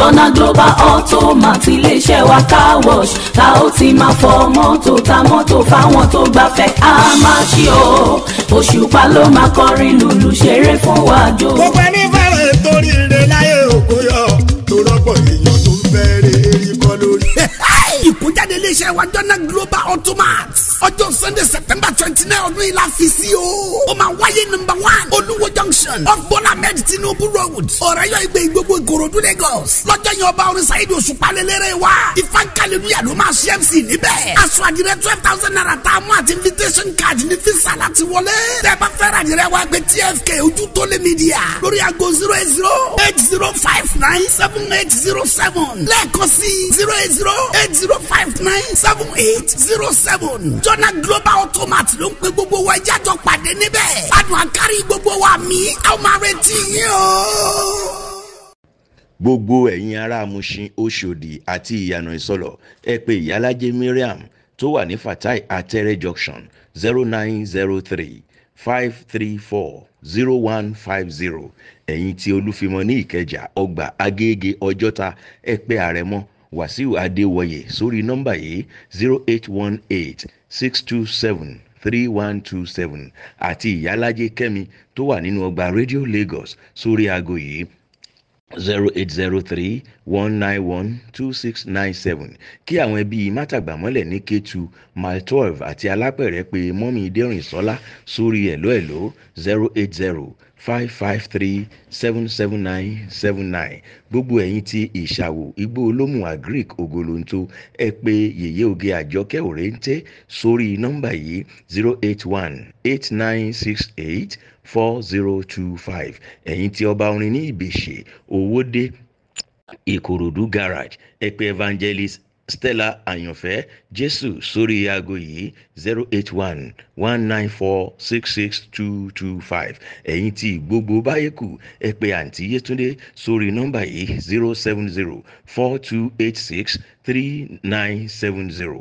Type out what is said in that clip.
jọ́nà global automat iléeṣẹ́ wa car wash ta ó ti máa fọ mọ́tò ta mọ́tò fáwọn tó gbafẹ́ a máa ṣe o òṣùpá ló máa kọrin lùlù ṣeré fún wa jò. gbogbo ẹni fẹ́ràn ètò ìrìnlẹ̀ láyé òkú yọ tó rọ́pò èèyàn tó ń fẹ́ rè kọ́ lórí. ìkújáde iléeṣẹ́ wa jọ́nà global automat ọjọ́ sunday september twenty nine ọdún yìí la fi sí o ó máa wáyé number one junction of Bola Ahmed Tinubu road ọ̀rẹ́yọ̀ ìgbẹ́ gbogbo ìkòròdú Lagos lọ́jọ́ yẹn ọba orin Saheed Òṣùpá lélẹ́rẹ́ wa ìfankalẹ̀lúyà ló máa ṣe MC níbẹ̀ aṣọ àdìrẹ twelve thousand naira tá a mú àti invitation card ní fisa láti wọlé tẹ́ bá fẹ́ wa gbé TFK ojú lé media lórí aago zero eight zero eight zero five nine seven eight zero seven lẹ́ẹ̀kan sí zero eight zero eight zero five nine seven eight zero seven jọ́nà global automat ló ń pe gbogbo wa ìjájọ́ pàdé níbẹ̀ adùn àkárí gbogbo wa mi a ó máa retí yín o. gbogbo ẹ̀yin ará Mushin Oṣòdì àti ìyànà ìsọlọ̀ ẹ pè ìyálájẹ Mariam tó wà ní Fatai Atẹ́rẹ́ junction zero nine zero three five three four zero one five zero ẹ̀yin tí olúfimọ ní Ìkẹjà ọgbà Agége Ọjọ́ta ẹ pè àrẹ̀mọ Wàsíù Adéwọyè sórí nọ́mbà yìí zero eight one eight six two seven three one two seven àti ìyálájẹ kẹ́mi tó wà nínú ọgbà radio lagos sórí aago yìí zero eight zero three one nine one two six nine seven kí àwọn ẹbí mátàgbàmọ́lẹ̀ ní k2 mile twelve àti alápẹ̀rẹ̀ pé mọ́mí dẹ́rìn sọ́lá sórí ẹ̀lọ́ ẹ̀lọ́ zero eight zero five five three seven seven nine seven nine gbogbo ẹ̀yin tí ìṣàwò igbó olómù agric ògolonto ẹ pè yèyé oge àjọkẹ́ òrèǹtẹ́ sórí nọ́mbà yìí zero eight one eight nine six eight four zero two five ẹ̀yin tí ọba orin ní ìbèṣe owóde ìkòròdú garage ẹ pè evangelist stella àyànfẹ́ jésù sórí aago yìí zero eight one one nine four six six two two five ẹ̀yìn tí gbogbo báyé kù ẹ pé àǹtí yétúndé sórí nọ́mbà yìí zero seven zero four two eight six three nine seven zero